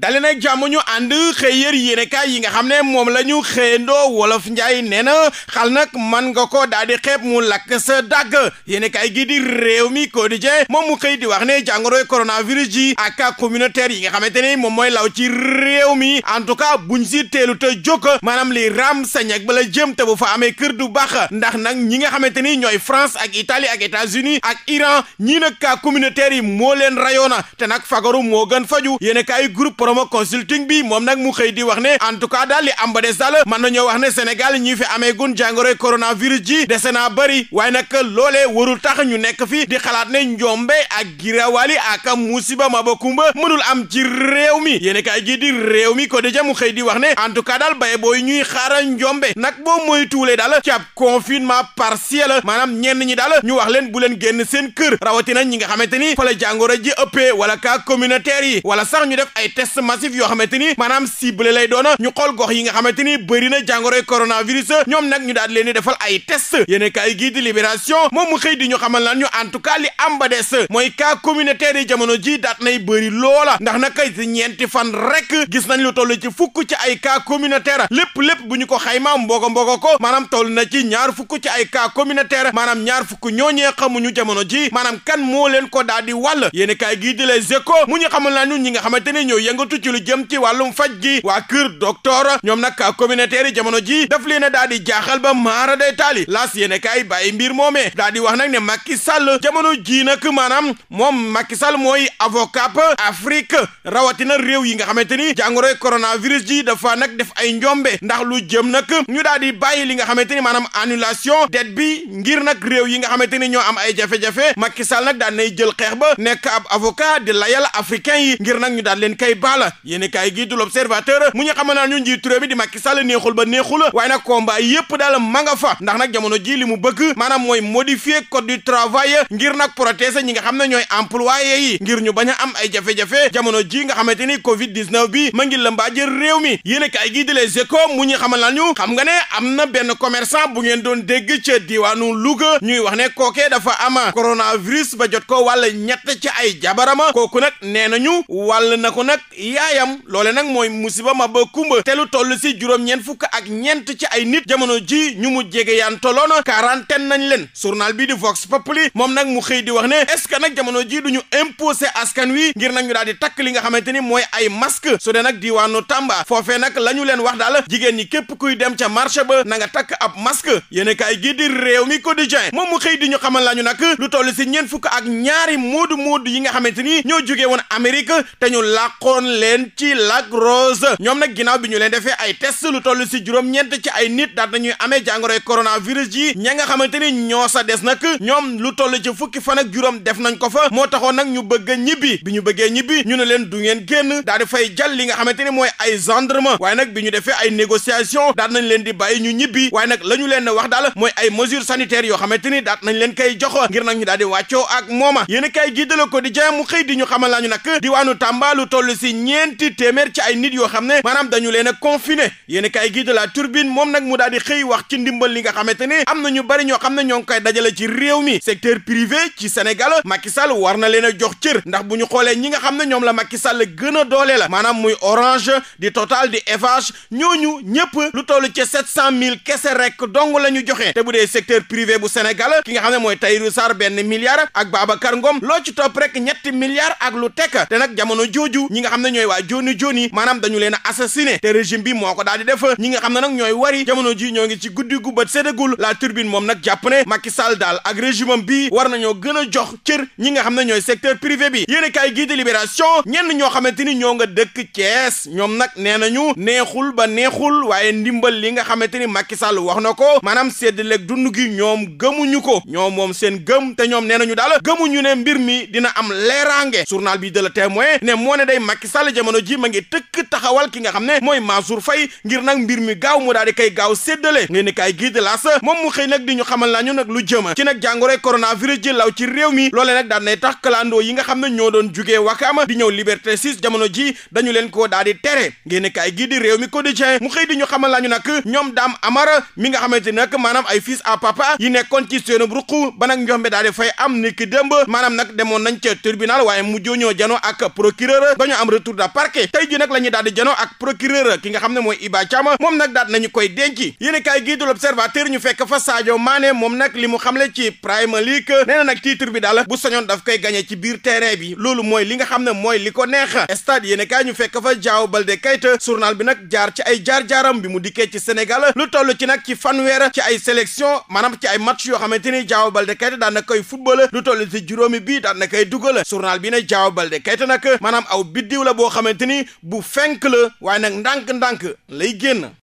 dale nag jàmm ñu ànd xëy yër yéenekaay yi nga xam ne moom la ñu ndoo wolof njaay nee na xal nag man nga ko daal di xeeb mu lakk sa dàgg yéenekaay gi di réew mi ko quotidien moom mu xëy di wax ne jàngoroy coronavirus ji ak cas yi nga xamante ni moom mooy law ci réew mi en tout cas buñ si teelu te jóg maanaam li ram sañak bala jëm te bu fa amee kër du baax ndax nag ñi nga xamante ni ñooy France ak Italie ak États-Unis ak Iran ñii nag cas yi moo leen rayoona te nag fagaru gën faju yéenekaay groupe promo consulting bi moom nag mu xëy di wax ne en tout cas daal li am ba des daal mën nañoo wax ne Sénégal ñi fi amee gun jàngoroy coronavirus ji dese naa bëri waaye nag loolee warul tax ñu nekk fi di xalaat ne njombe ak girawali ak musiba mabakumba mënul am ci réew mi yéen kaay gi di réew mi ko déjà mu xëy di wax ne en tout cas daal bay booy ñuy xaara njombe nag boo mooy tuulee daal ci ab confinement partiel maanaam ñenn ñi daal ñu wax leen bu leen génn seen kër rawatina ñi nga xamante ni fa ji test massif yoo xamante ni maanaam ciblé lay doona ñu xool gox yi nga xamante ni bëri na jàngoroy coronavirus ñoom nag ñu daal leen di defal ay test yéen kaay gii di libération moom mu xëy di ñu xamal lan ñu en des mooy cas communautaire yi ji daat nay bëri loola ndax naka ñeenti fan rek gis nañ lu toll ci fukk ci ay cas communautaire lépp lépp bu ñu ko xaymaa mbogo mbogo ko maanaam toll na ci ñaar fukk ci ay cas communautaire maanaam ñaar fukk ñooñee yëngatu ci lu jëm ci wàllum faj gi waa kër docteur ñoom nag communautaire yi jamono ji daf leen a daal di jaaxal ba maara day taali laas yéene kaay bàyyi mbir moomee daal di wax nag ne Macky Sall jamono ji nag maanaam moom Macky Sall mooy avocat Afrique rawatina réew yi nga xamante ni jàngoroy coronavirus ji dafa nag def ay njombe ndax lu jëm nag ñu daal di bàyyi li nga xamante ni maanaam annulation dette bi ngir nag réew yi nga xamante ni ñoo am ay jafe-jafe Macky Sall nag jël xeex ba nekk ab avocat di layal ngir nag ñu daal combat la yéen kaay gii du l'observateur mu ñu xamal naa ñu njiitu réew mi di Macky Sall neexul ba neexul waaye nag combat yépp daal ma nga fa ndax nag ji li mu bëgg maanaam mooy modifier code du travail ngir nag protéger ñi nga xam ne ñooy employé yi ngir ñu bañ a am ay jafe-jafe jamono ji nga xamante ni covid 19 bi ma ngi lëmbaa jël réew mi yéen kaay gii di Les mu ñu xamal naa ñu xam nga ne am na benn commerçant bu ngeen doon dégg ca diwaanu Louga ñuy wax ne kookee dafa ama coronavirus ba jot ko wàll ñett ci ay jabarama kooku nag nee nañu wàll na ko nag yaayam loole nag mooy musiba ma ba kumba te lu toll si juróom-ñeent fukk ak ñeent ci ay nit jamono ji ñu mu jege yaan tolloon quarantaine nañ leen journal bi di Vox Populi moom nag mu xëy di wax ne est-ce que nag jamono ji du ñu imposé askan wi ngir nag ñu daal di takk li nga xamante ni mooy ay masque su dee nag diwaanu Tamba foofee nag la ñu leen wax daal jigéen ñi képp kuy dem ca marché ba nanga nga takk ab masque yéen kaay gi di réew mi quotidien moom mu xëy di ñu xamal la nag lu toll si ñeent fukk ak ñaari moodu moodu yi nga xamante ni ñoo jógee woon Amérique te ñu làqoon leen ci Lac Rose ñoom nag ginnaaw bi ñu leen defee ay test lu toll si juróom-ñeent ci ay nit daal nañuy amee jàngoroy coronavirus ji ña nga xamante ni ñoo sa des nak ñoom lu toll ci fukki fan ak juróom def nañ ko fa moo taxoon nag ñu bëgg a ñibbi bi ñu bëggee ñibbi ñu ne leen du ngeen génn daal di fay jàll li nga xamante ni mooy ay gendarme waaye nag bi ñu defee ay négociation daal nañ leen di bàyyi ñu ñibbi waaye nag la ñu leen wax daal mooy ay mesures sanitaires yoo xamante ni daal nañ leen koy jox ngir nag ñu daal di wàccoo ak mooma yéen kay ko di mu xëy di ñu xamal lañu nag diwaanu Tamba lu toll si ñeenti téeméer ci ay nit yoo xam ne maanaam dañu leen a confiné yéen i kaay gii de la turbine moom nag mu daal di xëy wax ci ndimbal li nga xamante ne am na ñu bari ñoo xam ne ñoo ngi dajale ci réew mi secteur privé ci Sénégal Macky Sall war na leen a jox cër ndax bu ñu xoolee ñi nga xam ne ñoom la Macky Sall gën a doole la maanaam muy Orange di Total di Eiffage ñooñu ñëpp lu toll ci sept cent mille kese rek dong la ñu joxe te bu dee secteur privé bu Sénégal ki nga xam ne mooy Tahirou Sarr benn milliard ak Babacar Ngom loo ci topp rek ñetti milliards ak lu tekk te jamono jooju ñi nga xam ne ñooy waa jooni jooni maanaam dañu leen a assassiné te régime bi moo ko daal di def ñi nga xam ne nag ñooy wari jamono ji ñoo ngi ci guddi gu bët séddagul la turbine moom nag jàpp ne Macky Sall daal ak régime am war nañoo gën a jox cër ñi nga xam ne ñooy secteur privé bi yéen a kaay gii di libération ñenn ñoo xamante ni ñoo nga dëkk Thiès ñoom nag nee nañu neexul ba neexul waaye ndimbal li nga xamante ni Macky Sall wax na ko maanaam séddaleeg dund gi ñoom gëmuñu ko ñoom moom seen gëm te ñoom nee nañu daal gëmuñu ne mbir mi dina am leeraange journal Sall jamono ji ma ngi tëkk taxawal ki nga xam ne mooy Mansour Faye ngir nag mbir mi gaaw mu daal di koy gaaw séddale ngeen ni kaay gii di laas moom mu xëy nag di ñu xamal naa nag lu jëm ci nag jàngoroy coronavirus ji law ci réew mi loole nag daan nay tax yi nga xam ne ñoo doon jugee wakaam di ñëw liberté 6 jamono ji dañu leen koo daal di tere ngeen ni kaay gii di réew mi quotidien mu xëy di ñu xamal naa nag ñoom daam amara mi nga xamante nag maanaam ay fils à papa yi nekkoon ci seen ruq ba nag njombe daal di fay am ni ki démb maanaam nag demoon nañ retour de parquet tey ji nag la ñuy daal di janoo ak procureur ki nga xam ne mooy Iba Thiam moom nag daal nañu koy denc yéen a kaay ñu fekk fa Sadio Mané moom nag li mu xamle ci Premier League nee nag titre bi daal bu soñoon daf koy gagné ci biir terrain bi loolu mooy li nga xam ne mooy li ko neex stade yéen a ñu fekk fa Diao Baldé Keita journal bi nag jaar ci ay jaar-jaaram bi mu dikkee ci Sénégal lu toll ci nag ci fanweer ci ay sélection boo xamante ni bu fenk la waaye nag ndànk-ndànk lay génn